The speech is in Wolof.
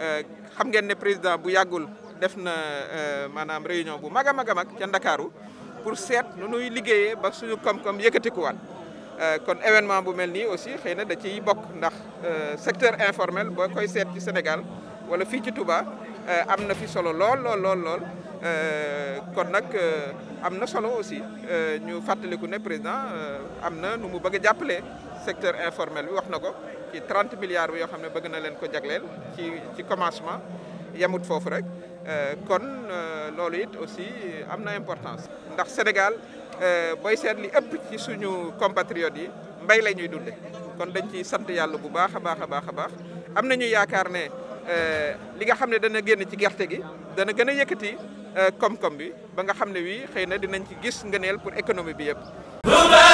Euh, xam ngeen ne président bu yàggul def na euh, maanaam réunion bu mag a mag a mag ca Ndakaaru pour seet nu nuy liggéeyee ba suñu koom-koom yëkkatikuwaat euh, kon événement bu mel nii aussi xëy na da ciy bokk ndax secteur informel boo koy seet ci Sénégal wala fii ci Touba am na fi solo lool lool lool lool kon nag am na solo aussi ñu fàttaliku ne président am na nu mu bëgg a secteur informel bi wax na ci 30 milliards bi yoo xam ne na leen ko jagleel ci ci commencement yamut fofu rek euh kon euh, lolu it aussi amna importance. ndax Sénégal euh boy sét li ëpp ci suñu compatriotes yi mbay lañuy dundé kon dañ ci sant Yalla bu baaxa baaxa baaxa baax amna ñu yaakar né euh li nga xamné dana génn ci gerte gi dana gëna yëkëti yëkkati euh, koom-koom bi ba nga xamné wi xeyna dinañ ci gis ngëneel pour économie bi yëpp.